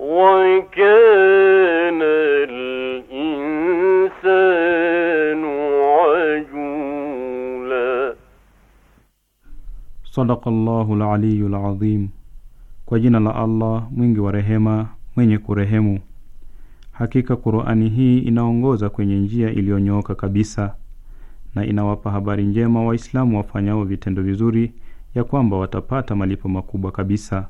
وكان الإنسان عجولا Kwa jina la Allah mwingi wa rehema mwenye kurehemu. Hakika Qur'ani hii inaongoza kwenye njia iliyonyooka kabisa na inawapa habari njema Waislamu wafanyao vitendo vizuri ya kwamba watapata malipo makubwa kabisa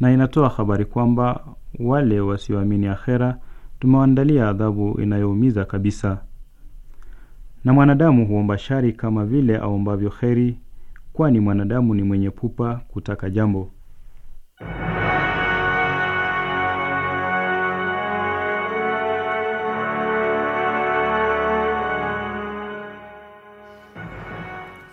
na inatoa habari kwamba wale wasioamini akhera tumewaandalia adhabu inayoumiza kabisa. Na mwanadamu huomba shari kama vile aombavyo kheri, kwani mwanadamu ni mwenye pupa kutaka jambo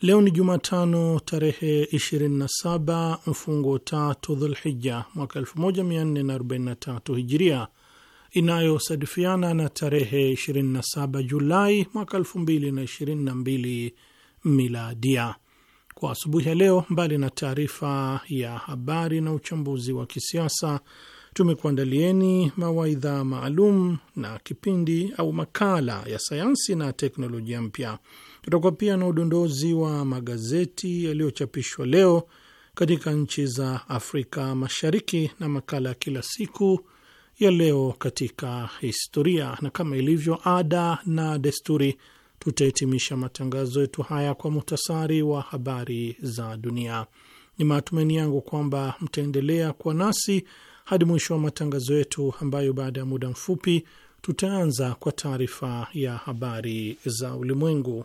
Leo ni Jumatano tarehe 27 mfungo tatu Dhulhija mwaka 1443 Hijiria, inayosadifiana na tarehe 27 Julai mwaka 2022 Miladia. Kwa asubuhi ya leo, mbali na taarifa ya habari na uchambuzi wa kisiasa, tumekuandalieni mawaidha maalum na kipindi au makala ya sayansi na teknolojia mpya Tutakuwa pia na udondozi wa magazeti yaliyochapishwa leo katika nchi za Afrika Mashariki na makala ya kila siku ya leo katika historia, na kama ilivyo ada na desturi, tutahitimisha matangazo yetu haya kwa muhtasari wa habari za dunia. Ni matumaini yangu kwamba mtaendelea kuwa nasi hadi mwisho wa matangazo yetu, ambayo baada ya muda mfupi tutaanza kwa taarifa ya habari za ulimwengu.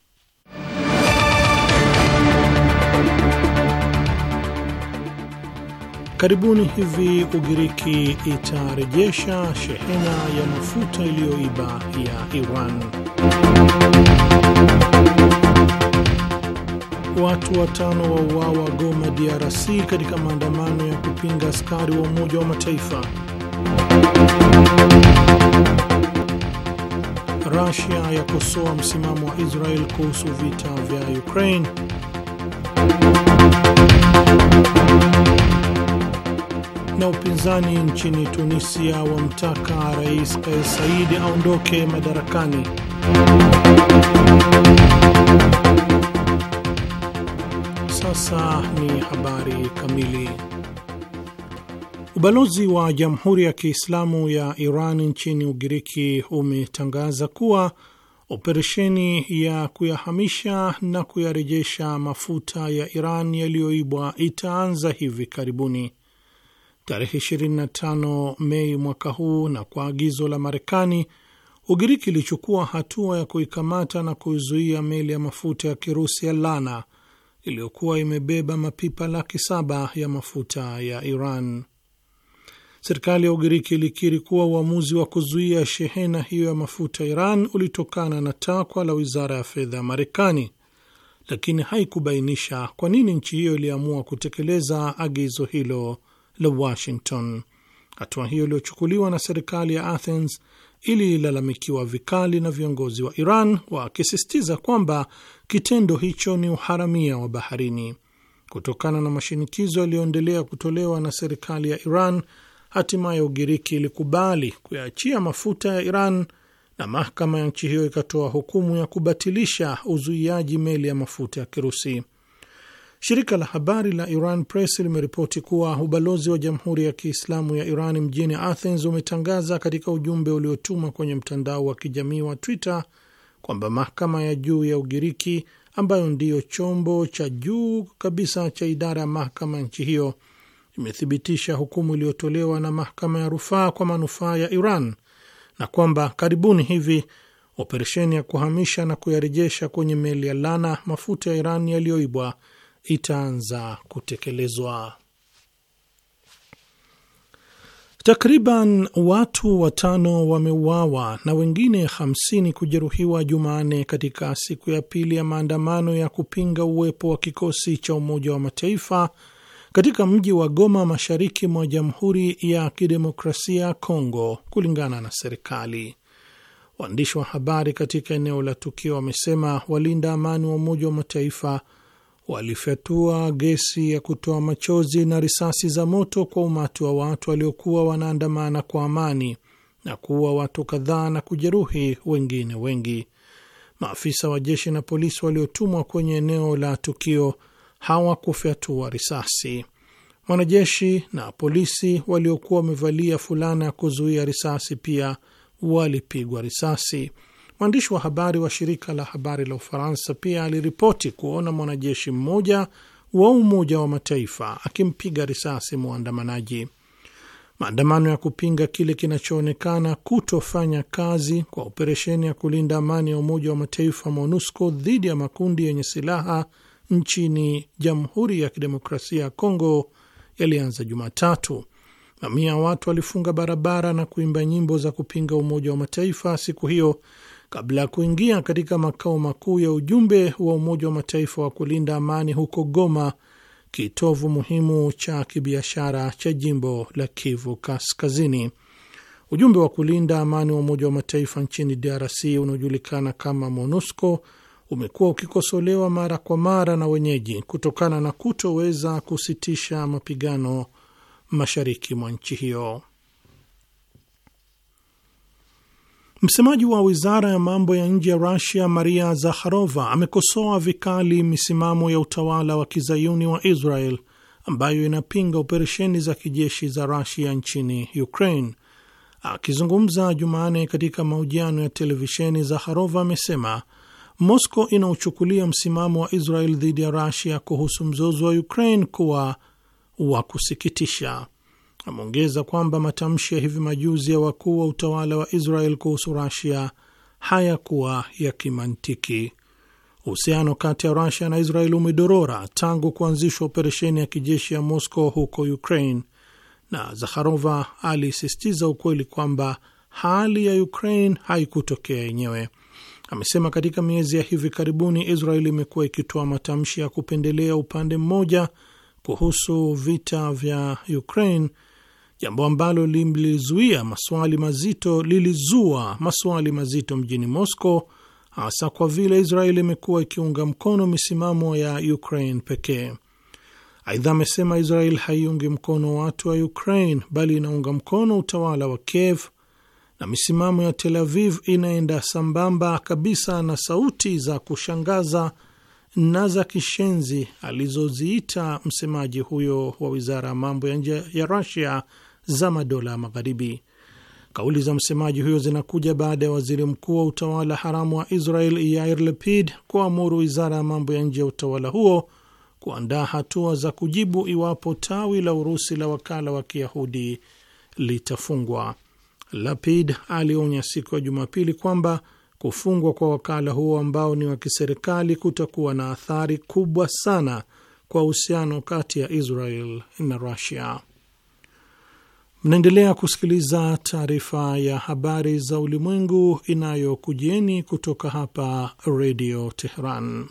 Karibuni hivi Ugiriki itarejesha shehena ya mafuta iliyoiba ya Iran. Watu watano wa uawa Goma, DRC, katika maandamano ya kupinga askari wa Umoja wa Mataifa. Rasia yakosoa msimamo wa Israel kuhusu vita vya Ukraine na upinzani nchini Tunisia wamtaka Rais Kais Saidi aondoke madarakani. Sasa ni habari kamili. Ubalozi wa Jamhuri ya Kiislamu ya Iran nchini Ugiriki umetangaza kuwa operesheni ya kuyahamisha na kuyarejesha mafuta ya Iran yaliyoibwa itaanza hivi karibuni tarehe 25 Mei mwaka huu, na kwa agizo la Marekani, Ugiriki ilichukua hatua ya kuikamata na kuizuia meli ya mafuta ya Kirusi ya Lana iliyokuwa imebeba mapipa laki saba ya mafuta ya Iran. Serikali ya Ugiriki ilikiri kuwa uamuzi wa kuzuia shehena hiyo ya mafuta Iran ulitokana na takwa la wizara ya fedha ya Marekani, lakini haikubainisha kwa nini nchi hiyo iliamua kutekeleza agizo hilo la Washington. Hatua hiyo iliyochukuliwa na serikali ya Athens ililalamikiwa vikali na viongozi wa Iran wakisisitiza kwamba kitendo hicho ni uharamia wa baharini. Kutokana na mashinikizo yaliyoendelea kutolewa na serikali ya Iran, hatimaye Ugiriki ilikubali kuyaachia mafuta ya Iran na mahakama ya nchi hiyo ikatoa hukumu ya kubatilisha uzuiaji meli ya mafuta ya Kirusi. Shirika la habari la Iran Press limeripoti kuwa ubalozi wa Jamhuri ya Kiislamu ya Iran mjini Athens umetangaza katika ujumbe uliotuma kwenye mtandao wa kijamii wa Twitter kwamba mahakama ya juu ya Ugiriki ambayo ndiyo chombo cha juu kabisa cha idara ya mahakama ya nchi hiyo imethibitisha hukumu iliyotolewa na mahakama ya rufaa kwa manufaa ya Iran na kwamba karibuni hivi operesheni ya kuhamisha na kuyarejesha kwenye meli ya Lana mafuta ya Iran yaliyoibwa itaanza kutekelezwa. Takriban watu watano wameuawa na wengine 50 kujeruhiwa Jumanne katika siku ya pili ya maandamano ya kupinga uwepo wa kikosi cha Umoja wa Mataifa katika mji wa Goma mashariki mwa Jamhuri ya Kidemokrasia ya Kongo, kulingana na serikali. Waandishi wa habari katika eneo la tukio wamesema walinda amani wa Umoja wa Mataifa walifyatua gesi ya kutoa machozi na risasi za moto kwa umati wa watu waliokuwa wanaandamana kwa amani na kuua watu kadhaa na kujeruhi wengine wengi. Maafisa wa jeshi na polisi waliotumwa kwenye eneo la tukio hawakufyatua risasi. Wanajeshi na polisi waliokuwa wamevalia fulana ya kuzuia risasi pia walipigwa risasi. Mwandishi wa habari wa shirika la habari la Ufaransa pia aliripoti kuona mwanajeshi mmoja wa Umoja wa Mataifa akimpiga risasi mwandamanaji. Maandamano ya kupinga kile kinachoonekana kutofanya kazi kwa operesheni ya kulinda amani ya Umoja wa Mataifa MONUSCO dhidi ya makundi yenye silaha nchini Jamhuri ya Kidemokrasia ya Kongo yalianza Jumatatu. Mamia ya watu walifunga barabara na kuimba nyimbo za kupinga Umoja wa Mataifa siku hiyo kabla ya kuingia katika makao makuu ya ujumbe wa Umoja wa Mataifa wa kulinda amani huko Goma, kitovu muhimu cha kibiashara cha jimbo la Kivu Kaskazini. Ujumbe wa kulinda amani wa Umoja wa Mataifa nchini DRC unaojulikana kama MONUSCO umekuwa ukikosolewa mara kwa mara na wenyeji kutokana na kutoweza kusitisha mapigano mashariki mwa nchi hiyo. Msemaji wa wizara ya mambo ya nje ya Rusia Maria Zakharova amekosoa vikali misimamo ya utawala wa kizayuni wa Israel ambayo inapinga operesheni za kijeshi za Rusia nchini Ukraine. Akizungumza Jumanne katika mahojiano ya televisheni, Zakharova amesema Moscow inauchukulia msimamo wa Israel dhidi ya Rusia kuhusu mzozo wa Ukraine kuwa wa kusikitisha. Ameongeza kwamba matamshi ya hivi majuzi ya wakuu wa utawala wa Israel kuhusu Rasia hayakuwa ya kimantiki. Uhusiano kati ya Rusia na Israel umedorora tangu kuanzishwa operesheni ya kijeshi ya Moscow huko Ukraine, na Zakharova alisisitiza ukweli kwamba hali ya Ukraine haikutokea yenyewe. Amesema katika miezi ya hivi karibuni Israel imekuwa ikitoa matamshi ya kupendelea upande mmoja kuhusu vita vya Ukraine jambo ambalo lilizuia maswali mazito, lilizua maswali mazito mjini Moscow, hasa kwa vile Israeli imekuwa ikiunga mkono misimamo ya Ukraine pekee. Aidha, amesema Israel haiungi mkono watu wa Ukraine bali inaunga mkono utawala wa Kiev na misimamo ya Tel Aviv inaenda sambamba kabisa na sauti za kushangaza na za kishenzi alizoziita msemaji huyo wa wizara ya mambo ya nje ya rasia za madola ya Magharibi. Kauli za msemaji huyo zinakuja baada ya waziri mkuu wa utawala haramu wa Israel Yair Lapid kuamuru wizara ya mambo ya nje ya utawala huo kuandaa hatua za kujibu iwapo tawi la Urusi la wakala wa kiyahudi litafungwa. Lapid alionya siku ya Jumapili kwamba kufungwa kwa wakala huo ambao ni wa kiserikali kutakuwa na athari kubwa sana kwa uhusiano kati ya Israel na Rusia. Mnaendelea kusikiliza taarifa ya habari za ulimwengu inayokujieni kutoka hapa Redio Teheran.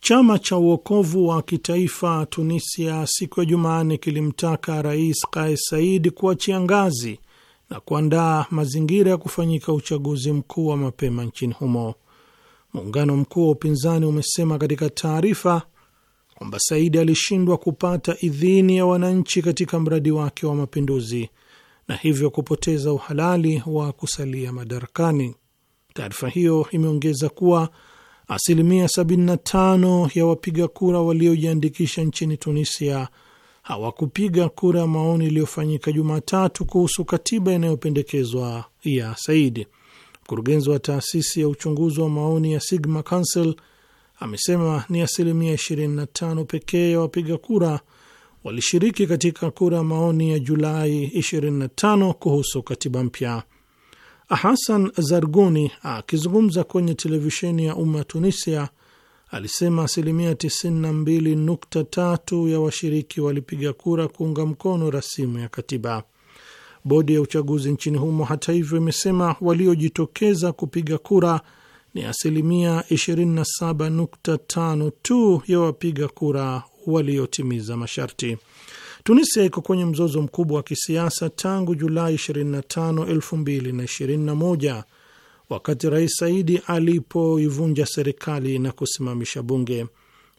Chama cha uokovu wa kitaifa Tunisia siku ya Jumanne kilimtaka Rais Kais Said kuachia ngazi na kuandaa mazingira ya kufanyika uchaguzi mkuu wa mapema nchini humo. Muungano mkuu wa upinzani umesema katika taarifa kwamba Saidi alishindwa kupata idhini ya wananchi katika mradi wake wa mapinduzi na hivyo kupoteza uhalali wa kusalia madarakani. Taarifa hiyo imeongeza kuwa asilimia 75 ya wapiga kura waliojiandikisha nchini Tunisia hawakupiga kura ya maoni iliyofanyika Jumatatu kuhusu katiba inayopendekezwa ya Saidi. Mkurugenzi wa taasisi ya uchunguzi wa maoni ya Sigma Council amesema ni asilimia 25 pekee ya wapiga kura walishiriki katika kura maoni ya Julai 25 kuhusu katiba mpya. Hasan Zarguni akizungumza kwenye televisheni ya umma Tunisia alisema asilimia 92.3 ya washiriki walipiga kura kuunga mkono rasimu ya katiba. Bodi ya uchaguzi nchini humo, hata hivyo, imesema waliojitokeza kupiga kura ni asilimia 27.5 tu ya wapiga kura waliotimiza masharti. Tunisia iko kwenye mzozo mkubwa wa kisiasa tangu Julai 25, 2021 wakati Rais Saidi alipoivunja serikali na kusimamisha bunge.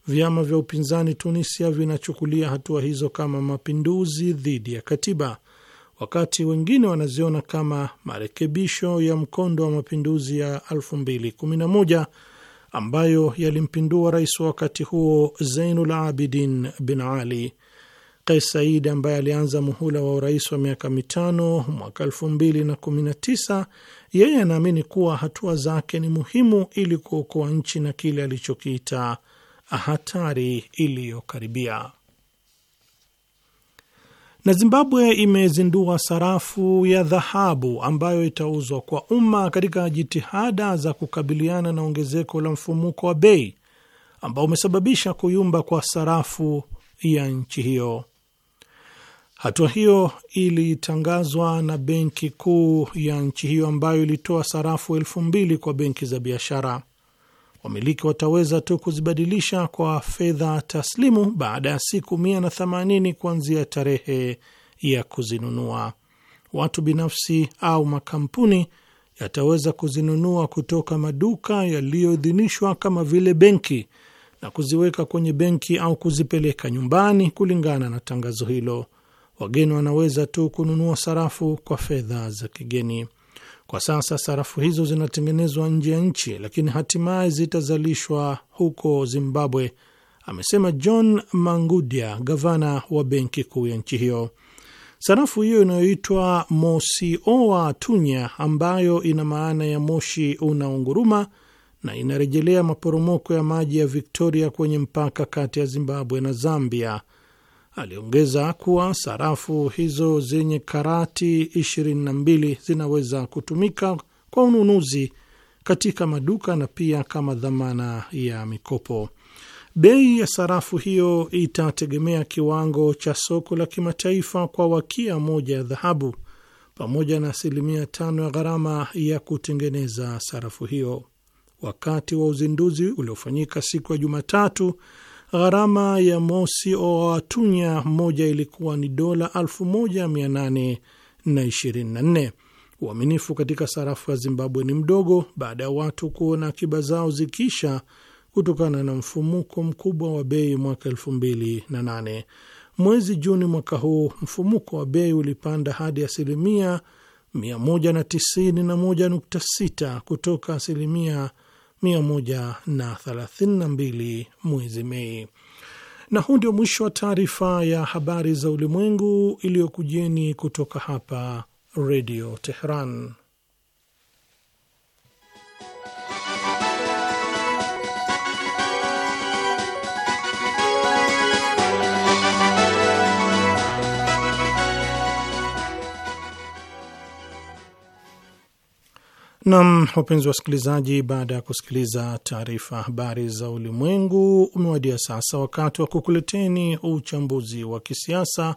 Vyama vya upinzani Tunisia vinachukulia hatua hizo kama mapinduzi dhidi ya katiba wakati wengine wanaziona kama marekebisho ya mkondo wa mapinduzi ya 2011 ambayo yalimpindua rais wa wakati huo Zeinul Abidin bin Ali. Kais Said ambaye alianza muhula wa urais wa miaka mitano mwaka 2019, yeye anaamini kuwa hatua zake ni muhimu ili kuokoa nchi na kile alichokiita hatari iliyokaribia. Na Zimbabwe imezindua sarafu ya dhahabu ambayo itauzwa kwa umma katika jitihada za kukabiliana na ongezeko la mfumuko wa bei ambao umesababisha kuyumba kwa sarafu ya nchi hiyo. Hatua hiyo ilitangazwa na benki kuu ya nchi hiyo ambayo ilitoa sarafu elfu mbili kwa benki za biashara wamiliki wataweza tu kuzibadilisha kwa fedha taslimu baada ya siku 180 kuanzia tarehe ya kuzinunua. Watu binafsi au makampuni yataweza kuzinunua kutoka maduka yaliyoidhinishwa kama vile benki na kuziweka kwenye benki au kuzipeleka nyumbani kulingana na tangazo hilo. Wageni wanaweza tu kununua sarafu kwa fedha za kigeni. Kwa sasa sarafu hizo zinatengenezwa nje ya nchi, lakini hatimaye zitazalishwa huko Zimbabwe, amesema John Mangudia, gavana wa benki kuu ya nchi hiyo. Sarafu hiyo inayoitwa Mosioa Tunya, ambayo ina maana ya moshi unaunguruma na inarejelea maporomoko ya maji ya Victoria kwenye mpaka kati ya Zimbabwe na Zambia Aliongeza kuwa sarafu hizo zenye karati 22 zinaweza kutumika kwa ununuzi katika maduka na pia kama dhamana ya mikopo. Bei ya sarafu hiyo itategemea kiwango cha soko la kimataifa kwa wakia moja ya dhahabu pamoja na asilimia tano ya gharama ya kutengeneza sarafu hiyo. Wakati wa uzinduzi uliofanyika siku ya Jumatatu Gharama ya Mosi Oatunya moja ilikuwa ni dola 1824. Uaminifu katika sarafu ya Zimbabwe ni mdogo baada ya watu kuona akiba zao zikisha kutokana na mfumuko mkubwa wa bei mwaka 2008. Mwezi Juni mwaka huu mfumuko wa bei ulipanda hadi asilimia 191.6 kutoka asilimia 132 mwezi Mei. Na huu ndio mwisho wa taarifa ya habari za ulimwengu iliyokujeni kutoka hapa Redio Teheran. Nam, wapenzi wasikilizaji, baada ya kusikiliza taarifa habari za ulimwengu, umewadia sasa wakati wa kukuleteni uchambuzi wa kisiasa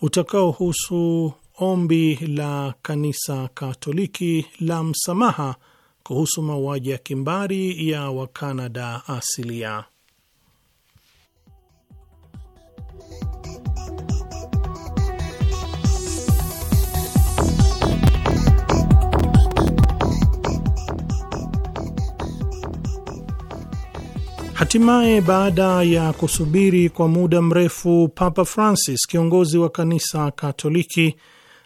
utakaohusu ombi la kanisa Katoliki la msamaha kuhusu mauaji ya kimbari ya Wakanada asilia. Hatimaye, baada ya kusubiri kwa muda mrefu, Papa Francis, kiongozi wa kanisa Katoliki,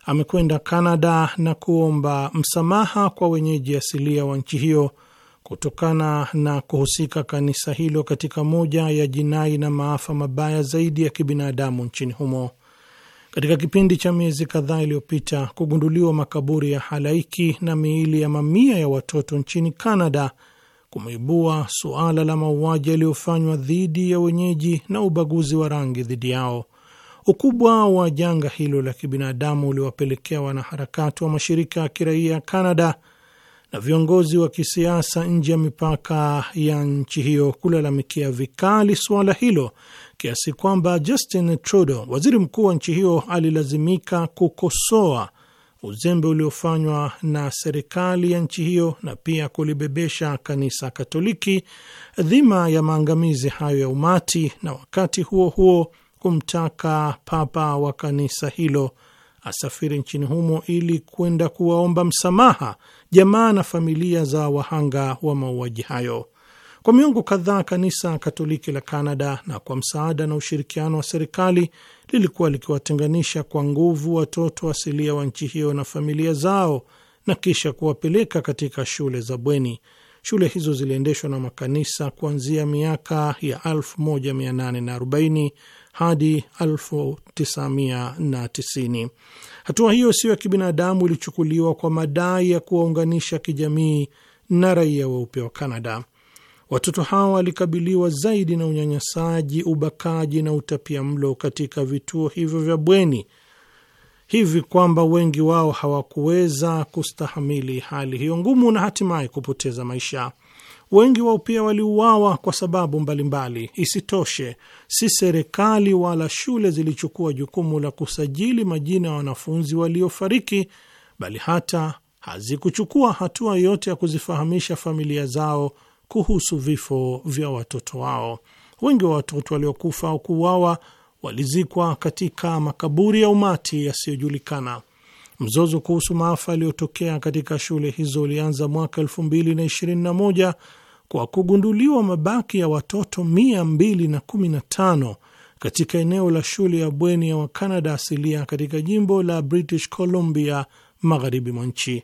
amekwenda Kanada na kuomba msamaha kwa wenyeji asilia wa nchi hiyo kutokana na kuhusika kanisa hilo katika moja ya jinai na maafa mabaya zaidi ya kibinadamu nchini humo. Katika kipindi cha miezi kadhaa iliyopita, kugunduliwa makaburi ya halaiki na miili ya mamia ya watoto nchini Kanada kumeibua suala la mauaji yaliyofanywa dhidi ya wenyeji na ubaguzi wa rangi dhidi yao. Ukubwa wa janga hilo la kibinadamu uliwapelekea wanaharakati wa mashirika ya kiraia ya Kanada na viongozi wa kisiasa nje ya mipaka ya nchi hiyo kulalamikia vikali suala hilo kiasi kwamba Justin Trudeau, waziri mkuu wa nchi hiyo, alilazimika kukosoa uzembe uliofanywa na serikali ya nchi hiyo na pia kulibebesha kanisa Katoliki dhima ya maangamizi hayo ya umati, na wakati huo huo kumtaka papa wa kanisa hilo asafiri nchini humo ili kwenda kuwaomba msamaha jamaa na familia za wahanga wa mauaji hayo. Kwa miongo kadhaa kanisa Katoliki la Kanada, na kwa msaada na ushirikiano wa serikali, lilikuwa likiwatenganisha kwa nguvu watoto asilia wa nchi hiyo na familia zao na kisha kuwapeleka katika shule za bweni. Shule hizo ziliendeshwa na makanisa kuanzia miaka ya 1840 hadi 1990. Hatua hiyo siyo ya kibinadamu ilichukuliwa kwa madai ya kuwaunganisha kijamii na raia weupe wa Kanada. Watoto hao walikabiliwa zaidi na unyanyasaji, ubakaji na utapia mlo katika vituo hivyo vya bweni, hivi kwamba wengi wao hawakuweza kustahamili hali hiyo ngumu na hatimaye kupoteza maisha. Wengi wao pia waliuawa kwa sababu mbalimbali mbali. Isitoshe, si serikali wala shule zilichukua jukumu la kusajili majina ya wanafunzi waliofariki, bali hata hazikuchukua hatua yoyote ya kuzifahamisha familia zao kuhusu vifo vya watoto wao. Wengi wa watoto waliokufa au kuuawa walizikwa katika makaburi ya umati yasiyojulikana. Mzozo kuhusu maafa yaliyotokea katika shule hizo ulianza mwaka 2021 kwa kugunduliwa mabaki ya watoto 215 katika eneo la shule ya bweni ya Wakanada asilia katika jimbo la British Columbia magharibi mwa nchi.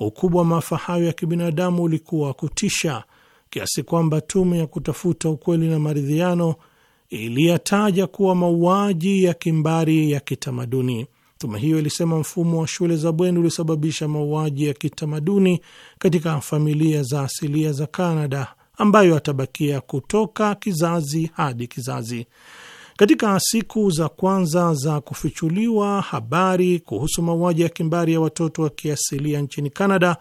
Ukubwa wa maafa hayo ya kibinadamu ulikuwa kutisha kiasi kwamba tume ya kutafuta ukweli na maridhiano iliyataja kuwa mauaji ya kimbari ya kitamaduni. Tume hiyo ilisema mfumo wa shule za bweni ulisababisha mauaji ya kitamaduni katika familia za asilia za Kanada ambayo atabakia kutoka kizazi hadi kizazi. Katika siku za kwanza za kufichuliwa habari kuhusu mauaji ya kimbari ya watoto wa kiasilia nchini Kanada,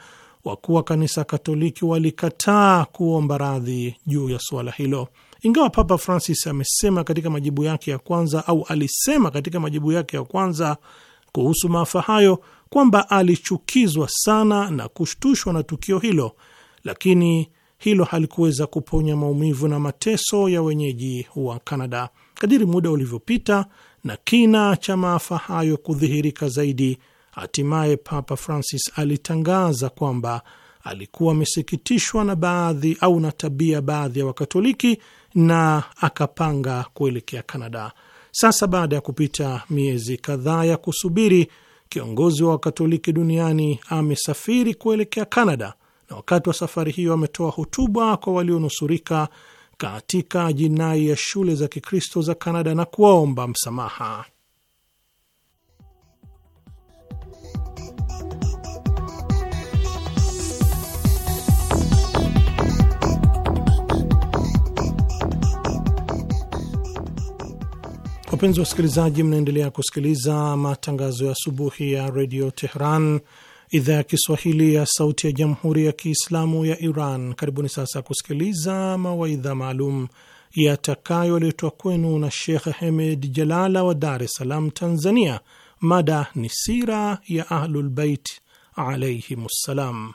wakuu wa kanisa Katoliki walikataa kuomba radhi juu ya suala hilo, ingawa Papa Francis amesema katika majibu yake ya kwanza au alisema katika majibu yake ya kwanza kuhusu maafa hayo kwamba alichukizwa sana na kushtushwa na tukio hilo, lakini hilo halikuweza kuponya maumivu na mateso ya wenyeji wa Kanada. Kadiri muda ulivyopita na kina cha maafa hayo kudhihirika zaidi Hatimaye Papa Francis alitangaza kwamba alikuwa amesikitishwa na baadhi au na tabia baadhi ya Wakatoliki na akapanga kuelekea Kanada. Sasa baada ya kupita miezi kadhaa ya kusubiri, kiongozi wa Wakatoliki duniani amesafiri kuelekea Kanada, na wakati wa safari hiyo ametoa hotuba kwa walionusurika katika jinai ya shule za Kikristo za Kanada na kuwaomba msamaha. Wapenzi wasikilizaji, mnaendelea kusikiliza matangazo ya asubuhi ya redio Tehran, idhaa ya Kiswahili ya sauti ya jamhuri ya Kiislamu ya Iran. Karibuni sasa kusikiliza mawaidha maalum yatakayoletwa kwenu na Shekh Hemed Jalala wa Dar es Salaam, Tanzania. Mada ni sira ya Ahlulbeit alaihim ssalam.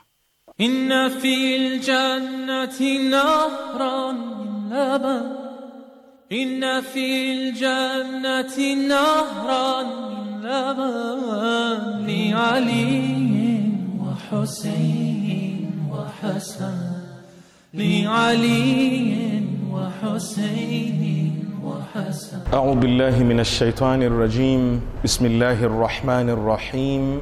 inna fil jannati nahran min laban إن في الجنة نهرا من لبن لعلي وحسين وحسن لعلي وحسين وحسن أعوذ بالله من الشيطان الرجيم بسم الله الرحمن الرحيم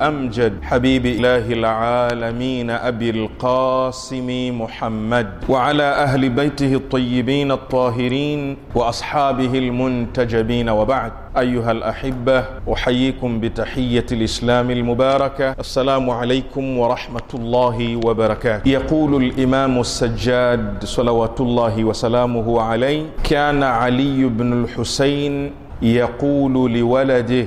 وأمجد حبيب إله العالمين أبي القاسم محمد وعلى أهل بيته الطيبين الطاهرين وأصحابه المنتجبين وبعد أيها الأحبة أحييكم بتحية الإسلام المباركة السلام عليكم ورحمة الله وبركاته يقول الإمام السجاد صلوات الله وسلامه عليه كان علي بن الحسين يقول لولده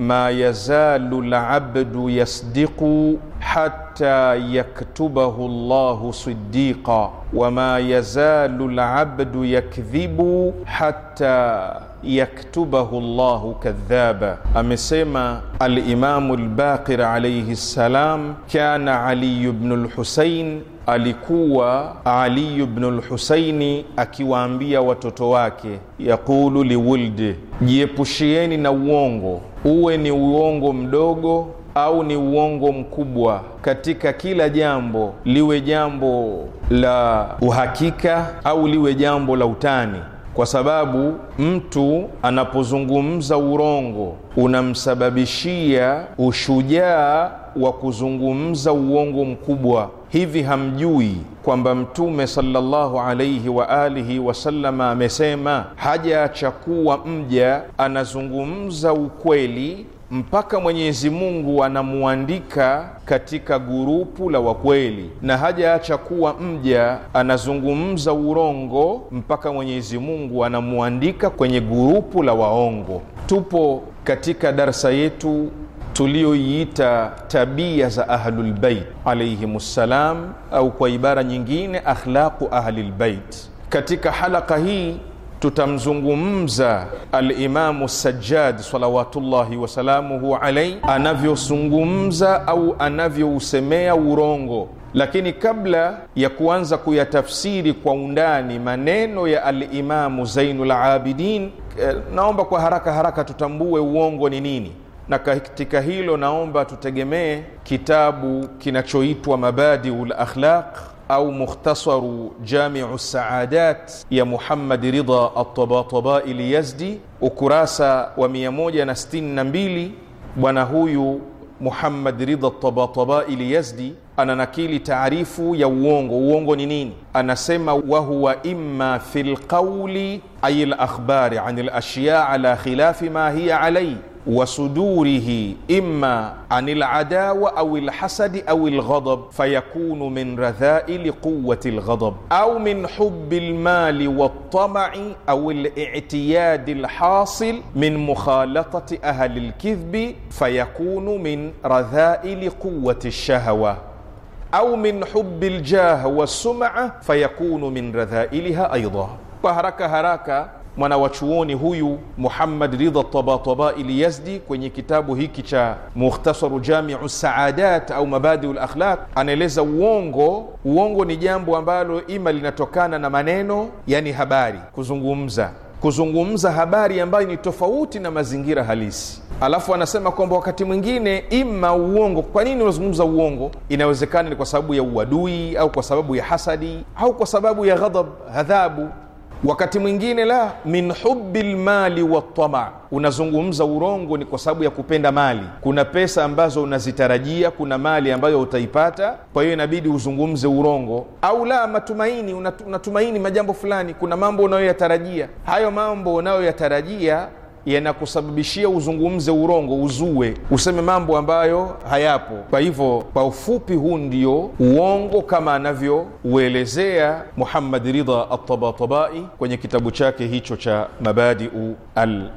ما يزال العبد يصدق حتى يكتبه الله صديقا وما يزال العبد يكذب حتى yaktubahu llahu kadhaba. Amesema Alimamu Lbaqir alaihi ssalam, kana Aliyu bnu Lhusain, alikuwa Aliyu bnu Lhusaini akiwaambia watoto wake, yaqulu liwuldi, jiepushieni na uongo, uwe ni uongo mdogo au ni uongo mkubwa katika kila jambo, liwe jambo la uhakika au liwe jambo la utani kwa sababu mtu anapozungumza urongo unamsababishia ushujaa wa kuzungumza uongo mkubwa. Hivi hamjui kwamba Mtume sallallahu alaihi wa alihi wasallama amesema, hajaacha kuwa mja anazungumza ukweli mpaka Mwenyezi Mungu anamuandika katika gurupu la wakweli, na hajaacha kuwa mja anazungumza urongo mpaka Mwenyezi Mungu anamuandika kwenye gurupu la waongo. Tupo katika darsa yetu tuliyoiita tabia za Ahlulbeit ssalam, au kwa ibara nyingine akhlaqu Ahlilbeit. Katika halaka hii tutamzungumza Alimamu Sajjad salawatullahi wasalamuhu alaihi, anavyozungumza au anavyousemea urongo lakini kabla ya kuanza kuyatafsiri kwa undani maneno ya Alimamu Zainul Abidin, eh, naomba kwa haraka haraka tutambue uongo ni nini, na katika hilo naomba tutegemee kitabu kinachoitwa Mabadiul Akhlaq au mukhtasaru Jamiu Saadat ya Muhammad Ridha Altabatabai Lyazdi, ukurasa wa 162. Bwana huyu Muhammad Ridha Tabatabai Lyazdi ananakili taarifu ya uongo. Uongo ni nini? Anasema wahuwa imma fi lqauli ay lakhbari an lashya ala khilafi ma hiya alai وصدوره إما عن العداوة أو الحسد أو الغضب فيكون من رذائل قوة الغضب أو من حب المال والطمع أو الاعتياد الحاصل من مخالطة أهل الكذب فيكون من رذائل قوة الشهوة أو من حب الجاه والسمعة فيكون من رذائلها أيضا وهرك هراك mwana wa chuoni huyu Muhammad Ridha Tabatabai Yazdi kwenye kitabu hiki cha Mukhtasaru Jamiu Saadat au Mabadiu Lakhlaq anaeleza uongo. Uongo ni jambo ambalo ima linatokana na maneno, yani habari, kuzungumza kuzungumza habari ambayo ni tofauti na mazingira halisi. Alafu anasema kwamba wakati mwingine ima uongo. Kwa nini unazungumza uongo? Inawezekana ni kwa sababu ya uadui au kwa sababu ya hasadi au kwa sababu ya ghadhab, adhabu wakati mwingine la min hubi lmali watama, unazungumza urongo ni kwa sababu ya kupenda mali. Kuna pesa ambazo unazitarajia, kuna mali ambayo utaipata, kwa hiyo inabidi uzungumze urongo. Au la matumaini, unatumaini majambo fulani, kuna mambo unayoyatarajia. Hayo mambo unayoyatarajia yanakusababishia uzungumze urongo, uzue, useme mambo ambayo hayapo. Kwa hivyo, kwa ufupi, huu ndio uongo kama anavyouelezea Muhammad Ridha Altabatabai kwenye kitabu chake hicho cha Mabadiu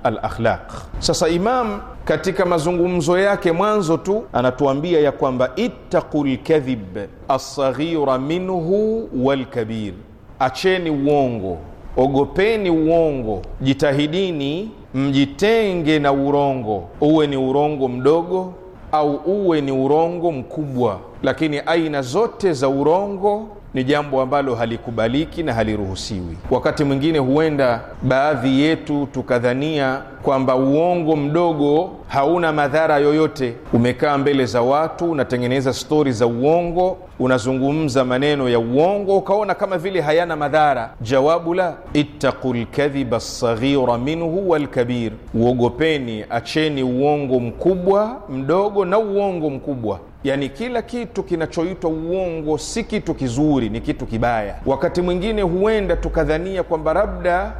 Alakhlaq. Sasa Imam katika mazungumzo yake mwanzo tu anatuambia ya kwamba ittaqu lkadhib alsaghira minhu walkabir, acheni uongo, ogopeni uongo, jitahidini mjitenge na urongo, uwe ni urongo mdogo au uwe ni urongo mkubwa, lakini aina zote za urongo ni jambo ambalo halikubaliki na haliruhusiwi. Wakati mwingine huenda baadhi yetu tukadhania kwamba uongo mdogo hauna madhara yoyote. Umekaa mbele za watu, unatengeneza stori za uongo, unazungumza maneno ya uongo, ukaona kama vile hayana madhara. Jawabu la ittaqu lkadhiba lsaghira minhu walkabir, uogopeni, acheni uongo mkubwa, mdogo na uongo mkubwa yani kila kitu kinachoitwa uongo si kitu kizuri, ni kitu kibaya. Wakati mwingine huenda tukadhania kwamba labda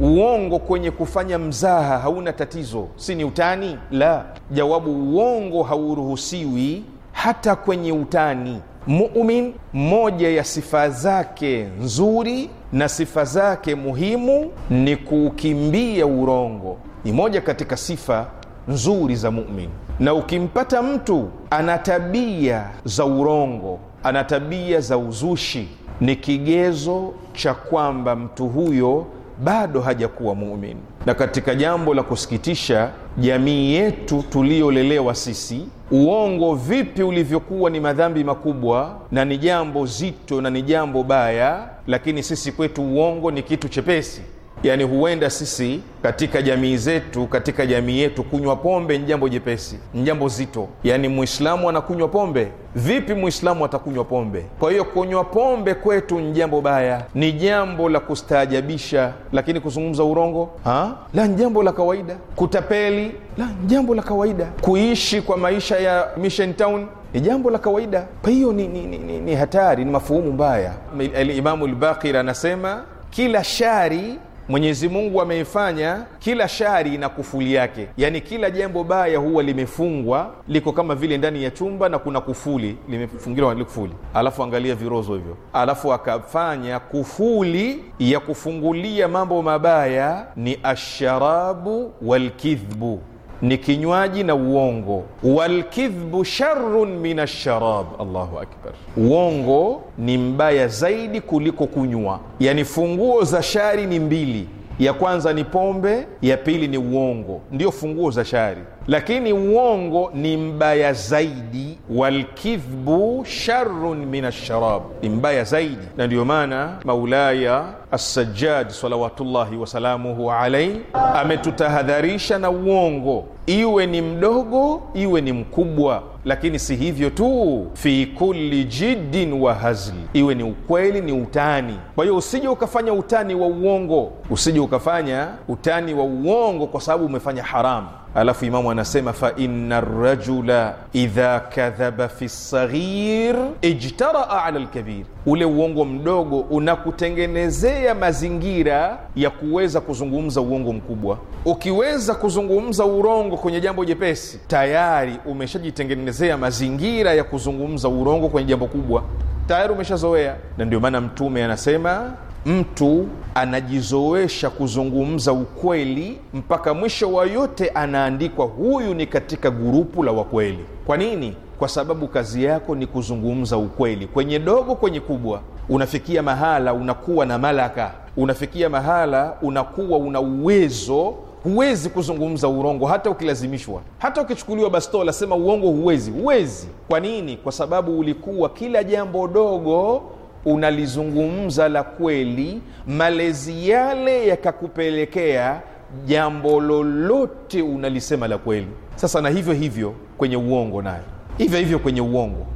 uongo kwenye kufanya mzaha hauna tatizo, si ni utani? La, jawabu uongo hauruhusiwi hata kwenye utani. Mumin, moja ya sifa zake nzuri na sifa zake muhimu ni kuukimbia urongo, ni moja katika sifa nzuri za mumin na ukimpata mtu ana tabia za urongo, ana tabia za uzushi, ni kigezo cha kwamba mtu huyo bado hajakuwa muumini. Na katika jambo la kusikitisha, jamii yetu tuliyolelewa sisi, uongo vipi ulivyokuwa ni madhambi makubwa na ni jambo zito na ni jambo baya, lakini sisi kwetu uongo ni kitu chepesi yaani huenda sisi katika jamii zetu katika jamii yetu kunywa pombe ni jambo jepesi ni jambo zito yaani mwislamu anakunywa pombe vipi mwislamu atakunywa pombe kwa hiyo kunywa pombe kwetu ni jambo baya ni jambo la kustaajabisha lakini kuzungumza urongo ha? la ni jambo la kawaida kutapeli la ni jambo la kawaida kuishi kwa maisha ya mission town ni jambo la kawaida kwa hiyo ni, ni, ni, ni, ni hatari ni mafuhumu mbaya alimamu lbakir anasema kila shari Mwenyezi Mungu ameifanya kila shari ina kufuli yake, yaani kila jambo baya huwa limefungwa, liko kama vile ndani ya chumba na kuna kufuli limefungiwa na kufuli, alafu angalia virozo hivyo, alafu akafanya kufuli ya kufungulia mambo mabaya ni asharabu walkidhbu ni kinywaji na uongo. Walkidhbu sharun min alsharab, Allahu akbar. Uongo ni mbaya zaidi kuliko kunywa. Yani funguo za shari ni mbili, ya kwanza ni pombe, ya pili ni uongo, ndiyo funguo za shari lakini uongo ni mbaya zaidi, walkidhbu sharun min alsharab, ni mbaya zaidi. Na ndiyo maana Maulaya Assajjad salawatullahi wasalamuhu alaihi ametutahadharisha na uongo, iwe ni mdogo iwe ni mkubwa. Lakini si hivyo tu, fi kulli jiddin wa hazli, iwe ni ukweli ni utani. Kwa hiyo usije ukafanya utani wa uongo, usije ukafanya utani wa uongo kwa sababu umefanya haramu alafu imamu anasema fa inna rajula idha kadhaba fi lsaghir ijtaraa ala lkabir, ule uongo mdogo unakutengenezea mazingira ya kuweza kuzungumza uongo mkubwa. Ukiweza kuzungumza urongo kwenye jambo jepesi, tayari umeshajitengenezea mazingira ya kuzungumza urongo kwenye jambo kubwa, tayari umeshazoea. Na ndio maana Mtume anasema mtu anajizoesha kuzungumza ukweli mpaka mwisho wa yote anaandikwa huyu ni katika gurupu la wakweli. Kwa nini? Kwa sababu kazi yako ni kuzungumza ukweli, kwenye dogo, kwenye kubwa. Unafikia mahala unakuwa na malaka, unafikia mahala unakuwa una uwezo huwezi kuzungumza urongo hata ukilazimishwa, hata ukichukuliwa bastola, sema uongo, huwezi, huwezi. Kwa nini? Kwa sababu ulikuwa kila jambo dogo unalizungumza la kweli, malezi yale yakakupelekea jambo lolote unalisema la kweli. Sasa na hivyo hivyo kwenye uongo, nayo hivyo hivyo kwenye uongo,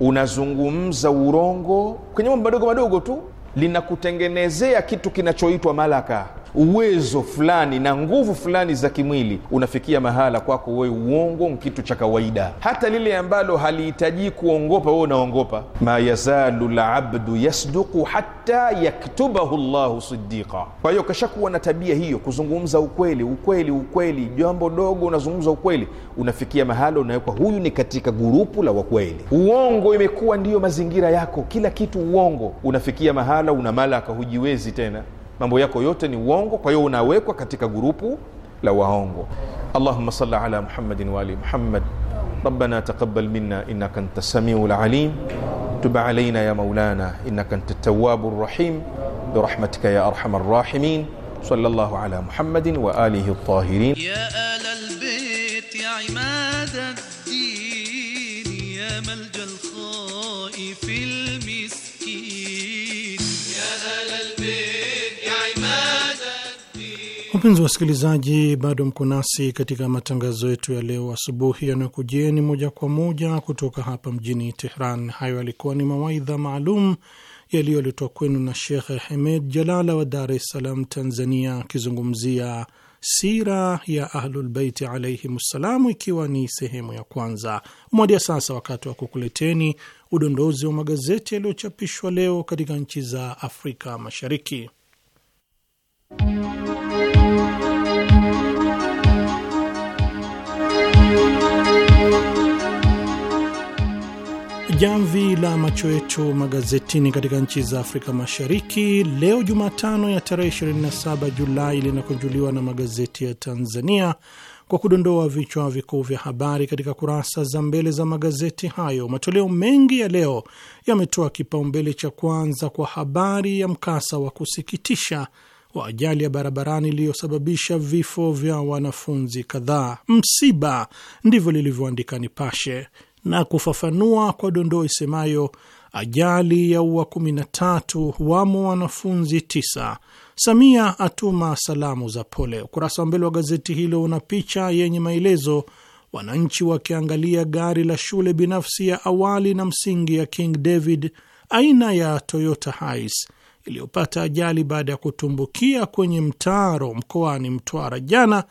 unazungumza urongo kwenye mambo madogo madogo tu, linakutengenezea kitu kinachoitwa malaka uwezo fulani na nguvu fulani za kimwili, unafikia mahala kwako wewe uongo ni kitu cha kawaida, hata lile ambalo halihitajii kuongopa wewe unaongopa. ma yazalu labdu yasduqu hata yaktubahu llahu sidiqa. Kwa hiyo kashakuwa na tabia hiyo, kuzungumza ukweli, ukweli, ukweli, jambo dogo unazungumza ukweli, unafikia mahala unawekwa huyu ni katika gurupu la wakweli. Uongo imekuwa ndiyo mazingira yako, kila kitu uongo. Unafikia mahala una malaka, hujiwezi tena mambo yako yote ni uongo kwa hiyo unawekwa katika gurupu la waongo allahumma salli ala muhammadin waali muhammad ربنا تقبل منا انك انت السميع العليم تب علينا يا مولانا انك انت التواب الرحيم برحمتك يا ارحم الراحمين صلى الله على محمد واله الطاهرين يا ال البيت يا عماد الدين يا ملجا الخائف المسكين Wapenzi wasikilizaji, bado mko nasi katika matangazo yetu ya leo asubuhi yanayokujieni moja kwa moja kutoka hapa mjini Tehran. Hayo yalikuwa ni mawaidha maalum yaliyoletwa kwenu na Shekh Hemed Jalala wa Dar es Salaam, Tanzania, akizungumzia sira ya Ahlulbeiti alaihim ssalam, ikiwa ni sehemu ya kwanza. Umewadia sasa wakati wa kukuleteni udondozi wa magazeti yaliyochapishwa leo katika nchi za Afrika Mashariki. jamvi la macho yetu magazetini katika nchi za Afrika Mashariki leo Jumatano ya tarehe 27 Julai linakunjuliwa na magazeti ya Tanzania kwa kudondoa vichwa vikuu vya habari katika kurasa za mbele za magazeti hayo. Matoleo mengi ya leo yametoa kipaumbele cha kwanza kwa habari ya mkasa wa kusikitisha wa ajali ya barabarani iliyosababisha vifo vya wanafunzi kadhaa. Msiba, ndivyo lilivyoandika Nipashe na kufafanua kwa dondoo isemayo ajali ya ua 13 wamo wanafunzi 9, Samia atuma salamu za pole. Ukurasa wa mbele wa gazeti hilo una picha yenye maelezo, wananchi wakiangalia gari la shule binafsi ya awali na msingi ya King David aina ya Toyota Hiace iliyopata ajali baada ya kutumbukia kwenye mtaro mkoani Mtwara jana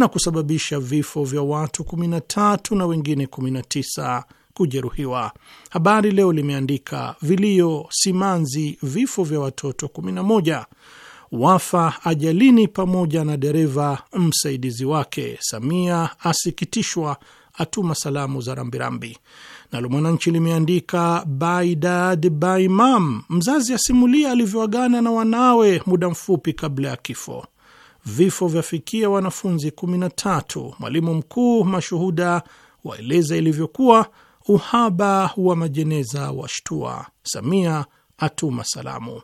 na kusababisha vifo vya watu 13 na wengine 19 kujeruhiwa. Habari Leo limeandika vilio, simanzi, vifo vya watoto 11 wafa ajalini pamoja na dereva msaidizi wake. Samia asikitishwa, atuma salamu za rambirambi. Nalo Mwananchi limeandika Baidad Baimam, mzazi asimulia alivyoagana na wanawe muda mfupi kabla ya kifo vifo vyafikia wanafunzi 13. Mwalimu mkuu, mashuhuda waeleza ilivyokuwa. Uhaba wa majeneza washtua. Samia atuma salamu.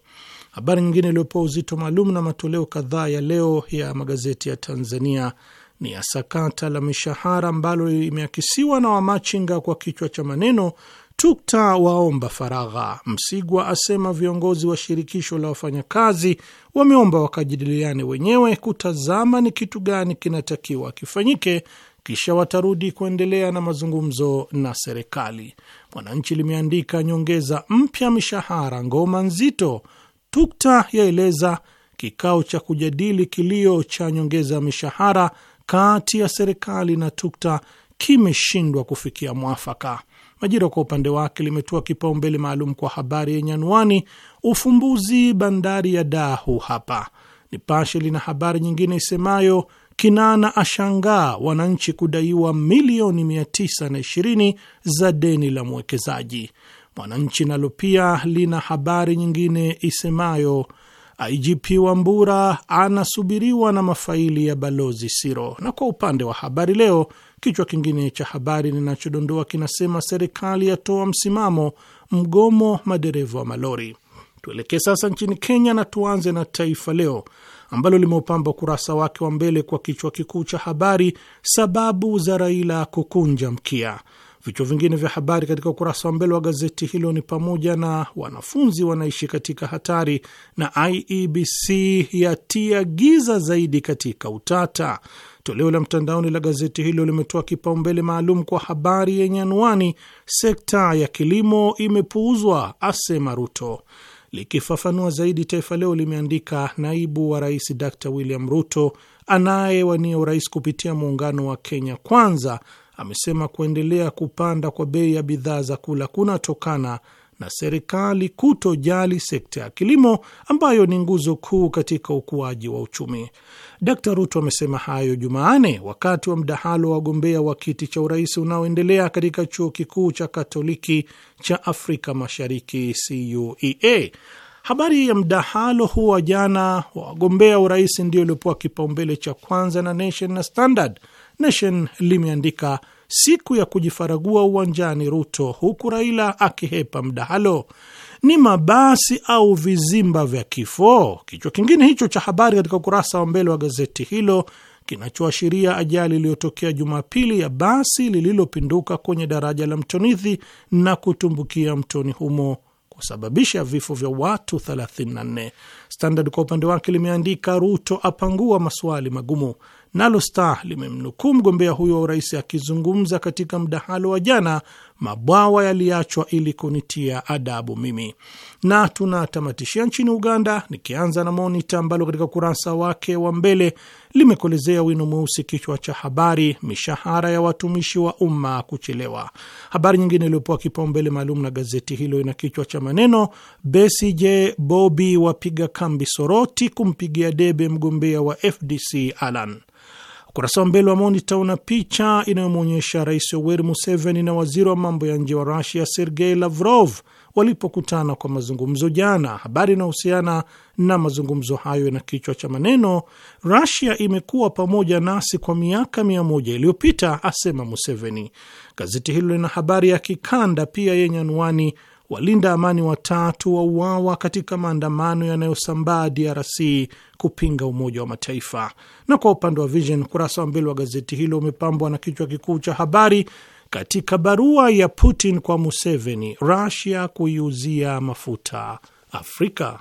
Habari nyingine iliyopewa uzito maalum na matoleo kadhaa ya leo ya magazeti ya Tanzania ni ya sakata la mishahara ambalo imeakisiwa na wamachinga kwa kichwa cha maneno TUKTA waomba faragha. Msigwa asema viongozi wa shirikisho la wafanyakazi wameomba wakajadiliane wenyewe kutazama ni kitu gani kinatakiwa kifanyike, kisha watarudi kuendelea na mazungumzo na serikali. Mwananchi limeandika nyongeza mpya mishahara, ngoma nzito. TUKTA yaeleza kikao cha kujadili kilio cha nyongeza mishahara kati ya serikali na TUKTA kimeshindwa kufikia mwafaka. Majira kwa upande wake limetoa kipaumbele maalum kwa habari yenye anwani ufumbuzi bandari ya Dahu hapa. Nipashe lina habari nyingine isemayo Kinana ashangaa wananchi kudaiwa milioni 920 za deni la mwekezaji. Mwananchi nalo pia lina habari nyingine isemayo IGP Wambura anasubiriwa na mafaili ya balozi Siro. Na kwa upande wa habari leo Kichwa kingine cha habari ninachodondoa kinasema serikali yatoa msimamo mgomo madereva wa malori. Tuelekee sasa nchini Kenya na tuanze na Taifa Leo ambalo limeupamba ukurasa wake wa mbele kwa kichwa kikuu cha habari, sababu za Raila kukunja mkia. Vichwa vingine vya habari katika ukurasa wa mbele wa gazeti hilo ni pamoja na wanafunzi wanaishi katika hatari na IEBC yatia giza zaidi katika utata, Toleo la mtandaoni la gazeti hilo limetoa kipaumbele maalum kwa habari yenye anwani sekta ya kilimo imepuuzwa, asema Ruto. Likifafanua zaidi, Taifa Leo limeandika naibu wa rais Dr William Ruto anayewania urais kupitia muungano wa Kenya Kwanza amesema kuendelea kupanda kwa bei ya bidhaa za kula kunatokana na serikali kutojali sekta ya kilimo ambayo ni nguzo kuu katika ukuaji wa uchumi. Dkt Ruto amesema hayo Jumanne wakati wa mdahalo wa wagombea wa kiti cha urais unaoendelea katika chuo kikuu cha Katoliki cha Afrika Mashariki, CUEA. Habari ya mdahalo huo wa jana wa wagombea urais ndio iliopewa kipaumbele cha kwanza na Nation na Standard. Nation limeandika siku ya kujifaragua uwanjani Ruto, huku Raila akihepa mdahalo ni mabasi au vizimba vya kifo. Kichwa kingine hicho cha habari katika ukurasa wa mbele wa gazeti hilo kinachoashiria ajali iliyotokea Jumapili ya basi lililopinduka kwenye daraja la Mtonithi na kutumbukia mtoni humo kusababisha vifo vya watu 34. Standard kwa upande wake limeandika Ruto apangua maswali magumu. Nalo Star limemnukuu mgombea huyo wa urais akizungumza katika mdahalo wa jana mabwawa yaliachwa ili kunitia adabu mimi. Na tunatamatishia nchini Uganda, nikianza na Monita ambalo katika ukurasa wake wa mbele limekolezea wino mweusi kichwa cha habari, mishahara ya watumishi wa umma kuchelewa. Habari nyingine iliyopewa kipaumbele maalum na gazeti hilo ina kichwa cha maneno, Besigye Bobi wapiga kambi Soroti kumpigia debe mgombea wa FDC Alan Ukurasa wa mbele wa Monita una picha inayomwonyesha Rais Yoweri Museveni na waziri wa mambo ya nje wa Rusia Sergei Lavrov walipokutana kwa mazungumzo jana. Habari inayohusiana na mazungumzo hayo na kichwa cha maneno, Rusia imekuwa pamoja nasi kwa miaka mia moja iliyopita, asema Museveni. Gazeti hilo lina habari ya kikanda pia yenye anwani Walinda amani watatu wauawa katika maandamano yanayosambaa DRC kupinga Umoja wa Mataifa. Na kwa upande wa Vision, ukurasa wa mbele wa gazeti hilo umepambwa na kichwa kikuu cha habari, katika barua ya Putin kwa Museveni, rasia kuiuzia mafuta Afrika.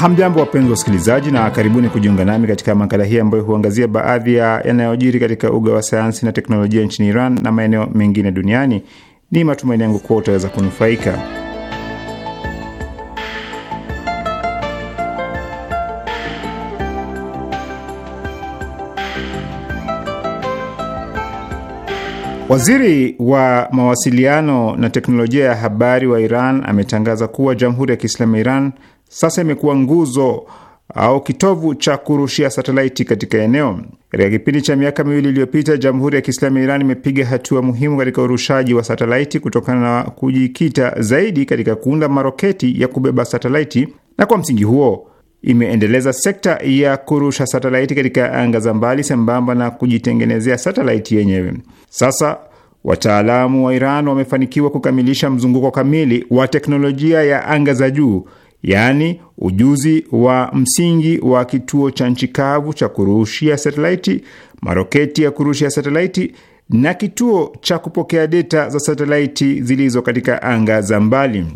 Hamjambo, wapenzi wa usikilizaji, na karibuni kujiunga nami katika makala hii ambayo huangazia baadhi ya yanayojiri katika uga wa sayansi na teknolojia nchini Iran na maeneo mengine duniani. Ni matumaini yangu kuwa utaweza kunufaika. Waziri wa mawasiliano na teknolojia ya habari wa Iran ametangaza kuwa Jamhuri ya Kiislamu ya Iran sasa imekuwa nguzo au kitovu cha kurushia satelaiti katika eneo. Katika kipindi cha miaka miwili iliyopita, Jamhuri ya Kiislamu ya Iran imepiga hatua muhimu katika urushaji wa satelaiti kutokana na kujikita zaidi katika kuunda maroketi ya kubeba satelaiti, na kwa msingi huo imeendeleza sekta ya kurusha satelaiti katika anga za mbali sambamba na kujitengenezea satelaiti yenyewe. Sasa wataalamu wa Iran wamefanikiwa kukamilisha mzunguko kamili wa teknolojia ya anga za juu yaani ujuzi wa msingi wa kituo cha nchi kavu cha kurushia satelaiti, maroketi ya kurushia satelaiti na kituo cha kupokea deta za satelaiti zilizo katika anga za mbali.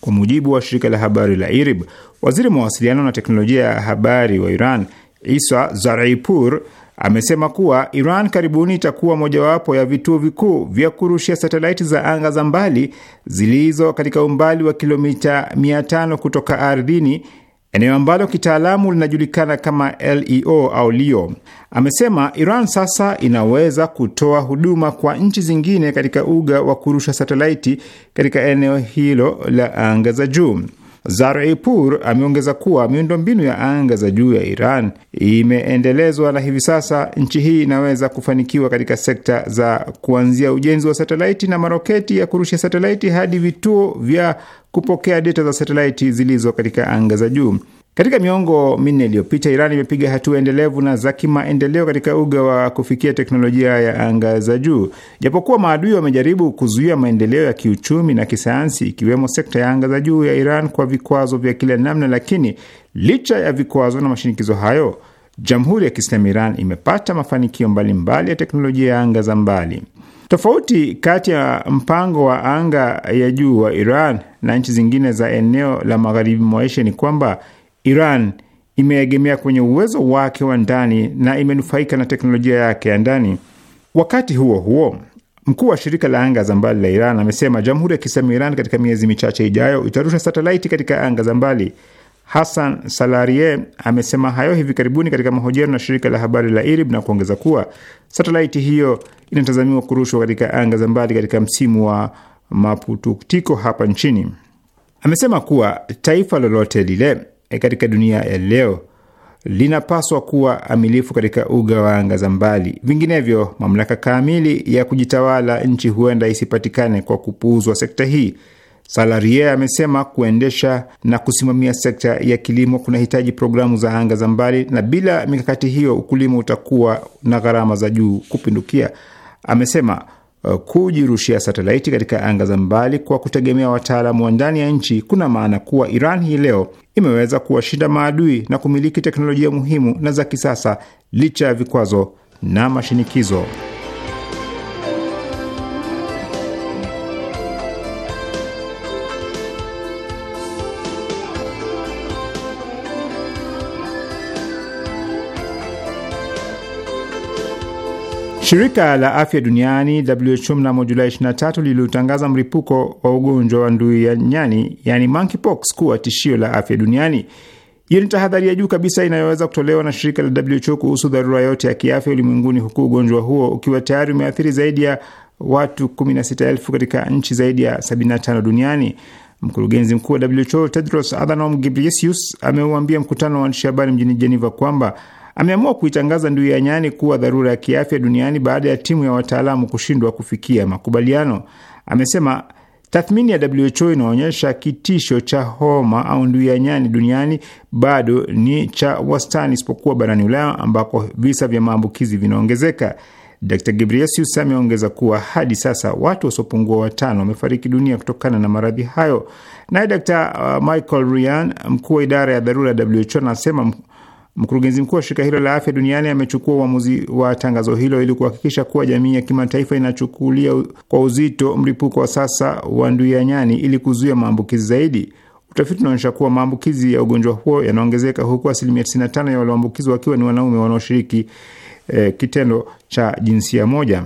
Kwa mujibu wa shirika la habari la IRIB, waziri mawasiliano na teknolojia ya habari wa Iran Isa Zaraipur amesema kuwa Iran karibuni itakuwa mojawapo ya vituo vikuu vya kurushia satelaiti za anga za mbali zilizo katika umbali wa kilomita 500 kutoka ardhini, eneo ambalo kitaalamu linajulikana kama LEO au LEO. Amesema Iran sasa inaweza kutoa huduma kwa nchi zingine katika uga wa kurusha satelaiti katika eneo hilo la anga za juu. Zarepour ameongeza kuwa miundombinu ya anga za juu ya Iran imeendelezwa na hivi sasa nchi hii inaweza kufanikiwa katika sekta za kuanzia ujenzi wa satelaiti na maroketi ya kurusha satelaiti hadi vituo vya kupokea data za satelaiti zilizo katika anga za juu. Katika miongo minne iliyopita Iran imepiga hatua endelevu na za kimaendeleo katika uga wa kufikia teknolojia ya anga za juu. Japokuwa maadui wamejaribu kuzuia maendeleo ya kiuchumi na kisayansi, ikiwemo sekta ya anga za juu ya Iran kwa vikwazo vya kila namna, lakini licha ya vikwazo na mashinikizo hayo, Jamhuri ya Kiislamu Iran imepata mafanikio mbalimbali mbali ya teknolojia ya anga za mbali. Tofauti kati ya mpango wa anga ya juu wa Iran na nchi zingine za eneo la magharibi mwa Asia ni kwamba Iran imeegemea kwenye uwezo wake wa ndani na imenufaika na teknolojia yake ya ndani. Wakati huo huo, mkuu wa shirika la anga za mbali la Iran amesema jamhuri ya Kiislamu Iran katika miezi michache ijayo itarusha satelaiti katika anga za mbali. Hassan Salarie amesema hayo hivi karibuni katika mahojiano na shirika la habari la IRIB na kuongeza kuwa satelaiti hiyo inatazamiwa kurushwa katika anga za mbali katika msimu wa mapututiko hapa nchini. Amesema kuwa taifa lolote lile Eh, katika dunia ya leo linapaswa kuwa amilifu katika uga wa anga za mbali. Vinginevyo, mamlaka kamili ya kujitawala nchi huenda isipatikane kwa kupuuzwa sekta hii. salarie amesema kuendesha na kusimamia sekta ya kilimo kunahitaji programu za anga za mbali, na bila mikakati hiyo ukulima utakuwa na gharama za juu kupindukia. Amesema Uh, kujirushia satelaiti katika anga za mbali kwa kutegemea wataalamu wa ndani ya nchi, kuna maana kuwa Iran hii leo imeweza kuwashinda maadui na kumiliki teknolojia muhimu na za kisasa licha ya vikwazo na mashinikizo. Shirika la afya duniani WHO mnamo Julai 23 lililotangaza mlipuko wa ugonjwa wa ndui ya nyani yani monkeypox kuwa tishio la afya duniani. Hiyo ni tahadhari ya juu kabisa inayoweza kutolewa na shirika la WHO kuhusu dharura yote ya kiafya ulimwenguni, huku ugonjwa huo ukiwa tayari umeathiri zaidi ya watu 16,000 katika nchi zaidi ya 75 duniani. Mkurugenzi mkuu wa WHO Tedros Adhanom Ghebreyesus ameuambia mkutano wa waandishi habari mjini Geneva kwamba ameamua kuitangaza ndui ya nyani kuwa dharura ya kiafya duniani baada ya timu ya wataalamu kushindwa kufikia makubaliano. Amesema tathmini ya WHO inaonyesha kitisho cha homa au ndui ya nyani duniani bado ni cha wastani, isipokuwa barani Ulaya ambako visa vya maambukizi vinaongezeka. Dr Ghebreyesus ameongeza kuwa hadi sasa watu wasiopungua watano wamefariki dunia kutokana na maradhi hayo. Naye Dr Michael Ryan, mkuu wa idara ya dharura ya WHO, anasema Mkurugenzi mkuu wa shirika hilo la afya duniani amechukua uamuzi wa tangazo hilo ili kuhakikisha kuwa jamii ya kimataifa inachukulia kwa uzito mlipuko wa sasa wa nduianyani ili kuzuia maambukizi zaidi. Utafiti unaonyesha kuwa maambukizi ya ugonjwa huo yanaongezeka huku asilimia 95 ya walioambukizwa wakiwa ni wanaume wanaoshiriki eh, kitendo cha jinsia moja.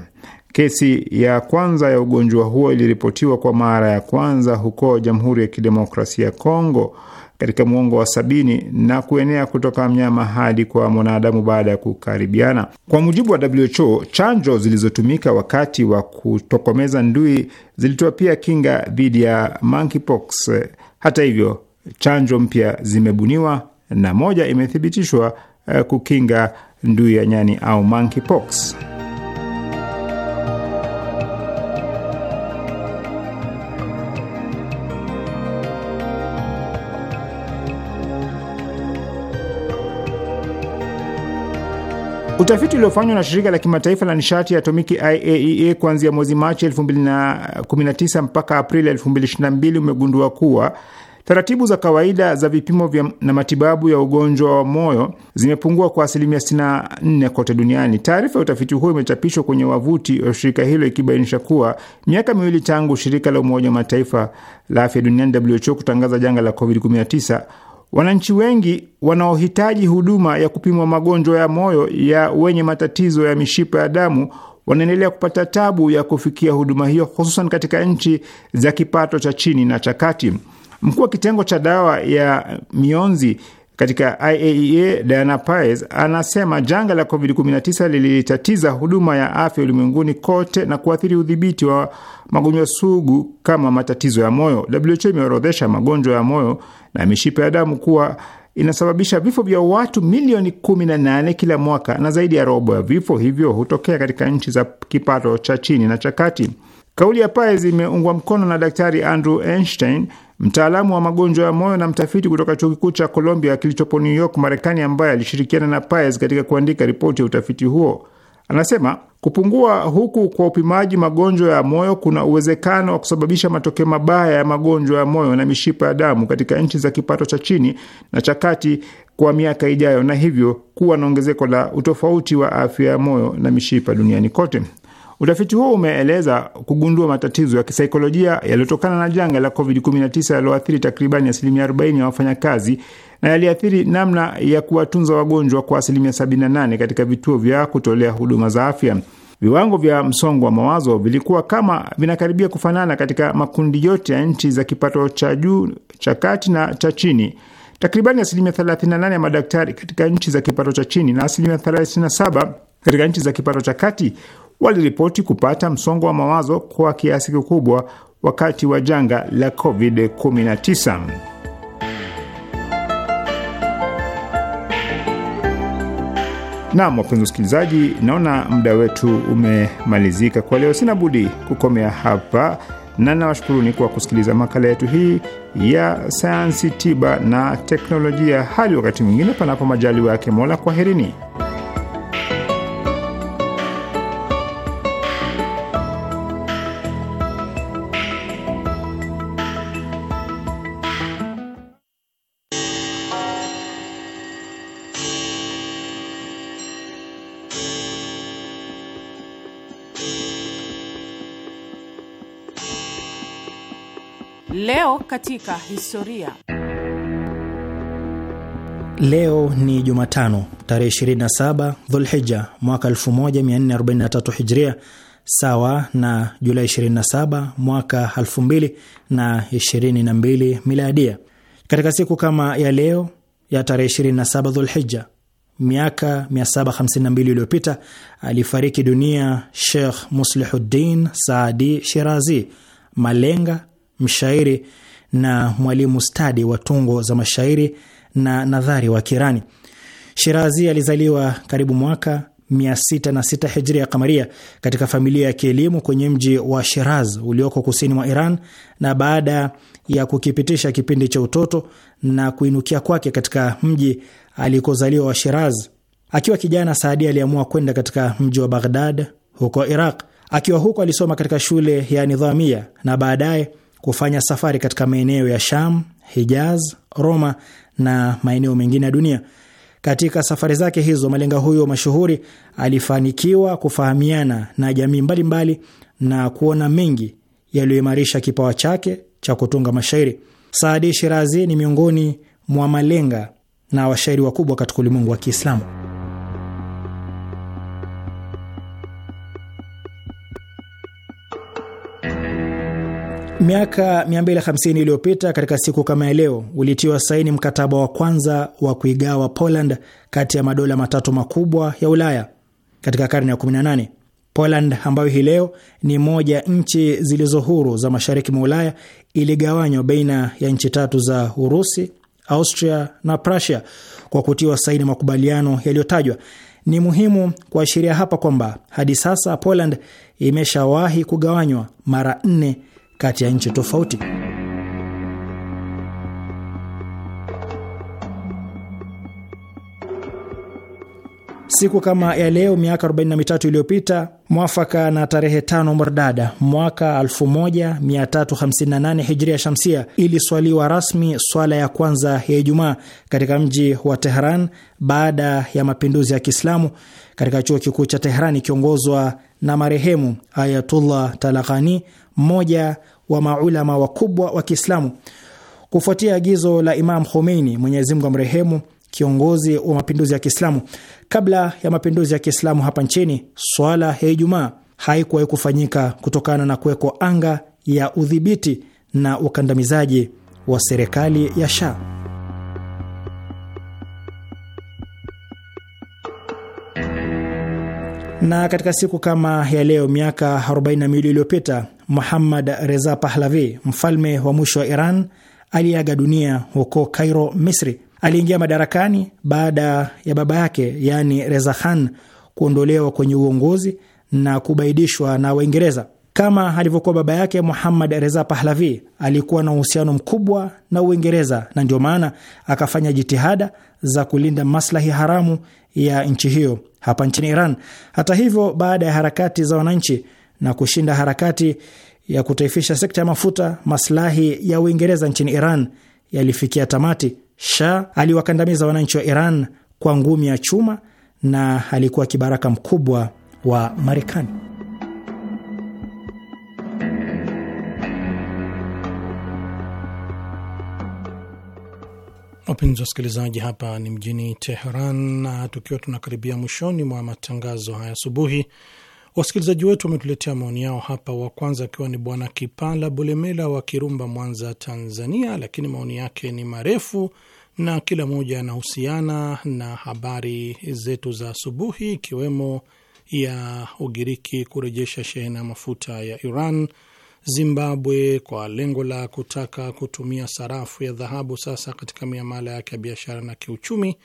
Kesi ya kwanza ya ugonjwa huo iliripotiwa kwa mara ya kwanza huko Jamhuri ya Kidemokrasia ya Kongo katika mwongo wa sabini na kuenea kutoka mnyama hadi kwa mwanadamu baada ya kukaribiana. Kwa mujibu wa WHO, chanjo zilizotumika wakati wa kutokomeza ndui zilitoa pia kinga dhidi ya monkeypox. Hata hivyo, chanjo mpya zimebuniwa na moja imethibitishwa eh, kukinga ndui ya nyani au monkeypox. Utafiti uliofanywa na shirika la kimataifa la nishati ya atomiki IAEA e, kuanzia mwezi Machi 2019 mpaka Aprili 2022 umegundua kuwa taratibu za kawaida za vipimo vya na matibabu ya ugonjwa wa moyo zimepungua kwa asilimia 64 kote duniani. Taarifa ya utafiti huo imechapishwa kwenye wavuti wa shirika hilo ikibainisha kuwa miaka miwili tangu shirika la Umoja wa Mataifa la afya duniani WHO kutangaza janga la COVID-19, Wananchi wengi wanaohitaji huduma ya kupimwa magonjwa ya moyo ya wenye matatizo ya mishipa ya damu wanaendelea kupata tabu ya kufikia huduma hiyo, hususan katika nchi za kipato cha chini na cha kati. Mkuu wa kitengo cha dawa ya mionzi katika IAEA e, Diana Paez anasema janga la COVID-19 lilitatiza huduma ya afya ulimwenguni kote na kuathiri udhibiti wa magonjwa sugu kama matatizo ya moyo. WHO imeorodhesha magonjwa ya moyo na mishipa ya damu kuwa inasababisha vifo vya watu milioni 18 kila mwaka na zaidi ya robo ya vifo hivyo hutokea katika nchi za kipato cha chini na cha kati. Kauli ya Pius imeungwa mkono na Daktari Andrew Einstein, mtaalamu wa magonjwa ya moyo na mtafiti kutoka chuo kikuu cha Columbia kilichopo New York, Marekani, ambaye alishirikiana na Pius katika kuandika ripoti ya utafiti huo. Anasema kupungua huku kwa upimaji magonjwa ya moyo kuna uwezekano wa kusababisha matokeo mabaya ya magonjwa ya moyo na mishipa ya damu katika nchi za kipato cha chini na cha kati kwa miaka ijayo, na hivyo kuwa na ongezeko la utofauti wa afya ya moyo na mishipa duniani kote. Utafiti huo umeeleza kugundua matatizo ya kisaikolojia yaliyotokana na janga la COVID-19 yaliyoathiri takribani asilimia 40 ya wafanyakazi na yaliathiri namna ya kuwatunza wagonjwa kwa asilimia 78 katika vituo vya kutolea huduma za afya. Viwango vya msongo wa mawazo vilikuwa kama vinakaribia kufanana katika makundi yote ya nchi za kipato cha juu, cha kati na cha chini. Takribani asilimia 38 ya madaktari katika nchi za kipato cha chini na asilimia 37 katika nchi za kipato cha kati waliripoti kupata msongo wa mawazo kwa kiasi kikubwa wakati wa janga la COVID-19. nam wapenzi wasikilizaji, naona muda wetu umemalizika kwa leo. Sina budi kukomea hapa na nawashukuruni kwa kusikiliza makala yetu hii ya sayansi, tiba na teknolojia. Hadi wakati mwingine, panapo majaliwa yake Mola, kwaherini. Leo katika historia. Leo ni Jumatano tarehe 27 Dhulhija mwaka 1443 Hijria, sawa na Julai 27 mwaka 2022 Miladia. Katika siku kama ya leo ya tarehe 27 Dhulhija miaka 752 iliyopita alifariki dunia Sheikh Muslihuddin Saadi Shirazi, malenga mshairi na mwalimu stadi wa tungo za mashairi na nadhari wa Kirani. Shirazi alizaliwa karibu mwaka 606 hijri ya kamaria katika familia ya kielimu kwenye mji wa Shiraz ulioko kusini mwa Iran, na baada ya kukipitisha kipindi cha utoto na kuinukia kwake katika mji alikozaliwa wa Shiraz, akiwa kijana Saadi aliamua kwenda katika mji wa Baghdad huko Iraq. Akiwa huko alisoma katika shule ya Nidhamia na baadaye kufanya safari katika maeneo ya Sham, Hijaz, Roma na maeneo mengine ya dunia. Katika safari zake hizo, malenga huyo mashuhuri alifanikiwa kufahamiana na jamii mbalimbali na kuona mengi yaliyoimarisha kipawa chake cha kutunga mashairi. Saadi Shirazi ni miongoni mwa malenga na washairi wakubwa katika ulimwengu wa Kiislamu. Miaka 250 iliyopita katika siku kama ya leo ulitiwa saini mkataba wa kwanza wa kuigawa Poland kati ya madola matatu makubwa ya Ulaya katika karne ya 18. Poland ambayo hii leo ni moja nchi zilizo huru za mashariki mwa Ulaya iligawanywa baina ya nchi tatu za Urusi, Austria na Prussia kwa kutiwa saini makubaliano yaliyotajwa. Ni muhimu kuashiria hapa kwamba hadi sasa Poland imeshawahi kugawanywa mara nne kati ya nchi tofauti. Siku kama ya leo miaka 43 iliyopita mwafaka na tarehe tano Mordada mwaka 1358 Hijria Shamsia, iliswaliwa rasmi swala ya kwanza ya Ijumaa katika mji wa Tehran baada ya mapinduzi ya Kiislamu katika chuo kikuu cha Tehran, ikiongozwa na marehemu Ayatullah Talakani mmoja wa maulama wakubwa wa Kiislamu. Kufuatia agizo la Imam Khomeini, Mwenyezi Mungu amrehemu, kiongozi wa mapinduzi ya Kiislamu, kabla ya mapinduzi ya Kiislamu hapa nchini, swala ya Ijumaa haikuwahi kufanyika kutokana na kuwekwa anga ya udhibiti na ukandamizaji wa serikali ya Shah. Na katika siku kama ya leo miaka 42 iliyopita Muhammad Reza Pahlavi, mfalme wa mwisho wa Iran, aliyeaga dunia huko Cairo, Misri. Aliingia madarakani baada ya baba yake, yaani Reza Khan, kuondolewa kwenye uongozi na kubaidishwa na Waingereza. Kama alivyokuwa baba yake, Muhammad Reza Pahlavi alikuwa na uhusiano mkubwa na Uingereza na ndio maana akafanya jitihada za kulinda maslahi haramu ya nchi hiyo hapa nchini Iran. Hata hivyo, baada ya harakati za wananchi na kushinda harakati ya kutaifisha sekta ya mafuta, maslahi ya Uingereza nchini Iran yalifikia tamati. Shah aliwakandamiza wananchi wa Iran kwa ngumi ya chuma na alikuwa kibaraka mkubwa wa Marekani. Wapenzi wasikilizaji, hapa ni mjini Teheran, na tukiwa tunakaribia mwishoni mwa matangazo haya asubuhi Wasikilizaji wetu wametuletea maoni yao hapa, wa kwanza akiwa ni bwana Kipala Bulemela wa Kirumba, Mwanza, Tanzania, lakini maoni yake ni marefu na kila moja yanahusiana na habari zetu za asubuhi, ikiwemo ya Ugiriki kurejesha shehena ya mafuta ya Iran, Zimbabwe kwa lengo la kutaka kutumia sarafu ya dhahabu sasa katika miamala yake ya biashara na kiuchumi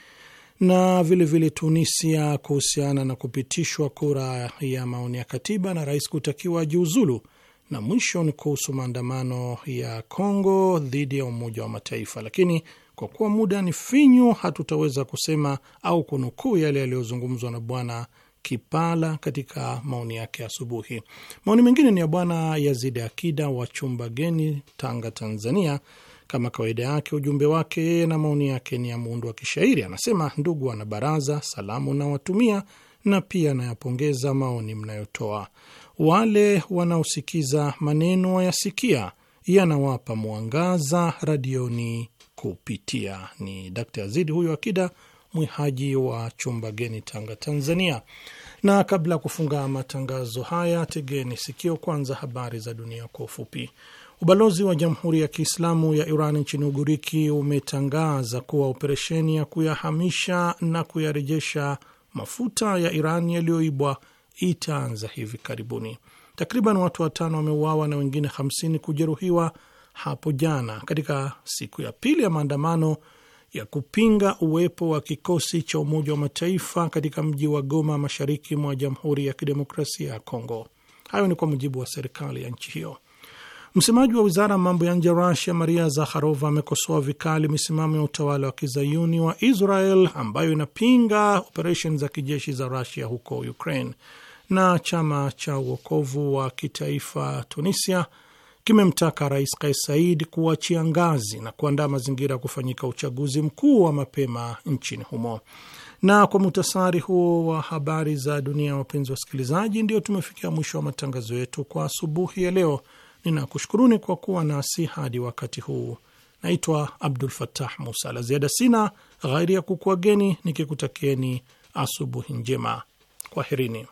na vilevile vile Tunisia kuhusiana na kupitishwa kura ya maoni ya katiba na rais kutakiwa ajiuzulu, na mwisho ni kuhusu maandamano ya Kongo dhidi ya Umoja wa Mataifa. Lakini kwa kuwa muda ni finyu, hatutaweza kusema au kunukuu yale yaliyozungumzwa na Bwana Kipala katika maoni yake asubuhi. Maoni mengine ni ya Bwana Yazidi Akida wa geni Tanga, Tanzania kama kawaida yake, ujumbe wake yeye na maoni yake ni ya muundo wa kishairi. Anasema, ndugu baraza salamu nawatumia na pia nayapongeza maoni mnayotoa. Wale wanaosikiza maneno wayasikia, yanawapa mwangaza radioni kupitia. Ni Dr Azidi huyo Akida Mwihaji wa chumba geni Tanga, Tanzania. Na kabla ya kufunga matangazo haya, tegeni sikio kwanza habari za dunia kwa ufupi. Ubalozi wa Jamhuri ya Kiislamu ya Iran nchini Ugiriki umetangaza kuwa operesheni ya kuyahamisha na kuyarejesha mafuta ya Iran yaliyoibwa itaanza hivi karibuni. Takriban watu watano wameuawa na wengine 50 kujeruhiwa hapo jana katika siku ya pili ya maandamano ya kupinga uwepo wa kikosi cha Umoja wa Mataifa katika mji wa Goma, mashariki mwa Jamhuri ya Kidemokrasia ya Kongo. Hayo ni kwa mujibu wa serikali ya nchi hiyo. Msemaji wa wizara ya mambo ya nje ya Rusia Maria Zakharova amekosoa vikali misimamo ya utawala wa kizayuni wa Israel ambayo inapinga operesheni za kijeshi za Rusia huko Ukraine. Na chama cha uokovu wa kitaifa Tunisia kimemtaka Rais Kais Said kuachia ngazi na kuandaa mazingira ya kufanyika uchaguzi mkuu wa mapema nchini humo. Na kwa muhtasari huo wa habari za dunia, wapenzi wasikilizaji, ndio tumefikia mwisho wa matangazo yetu kwa asubuhi ya leo. Ninakushukuruni kwa kuwa nasi hadi wakati huu. Naitwa Abdul Fattah Musa. La ziada sina ghairi ya kukuageni nikikutakieni asubuhi njema. Kwaherini.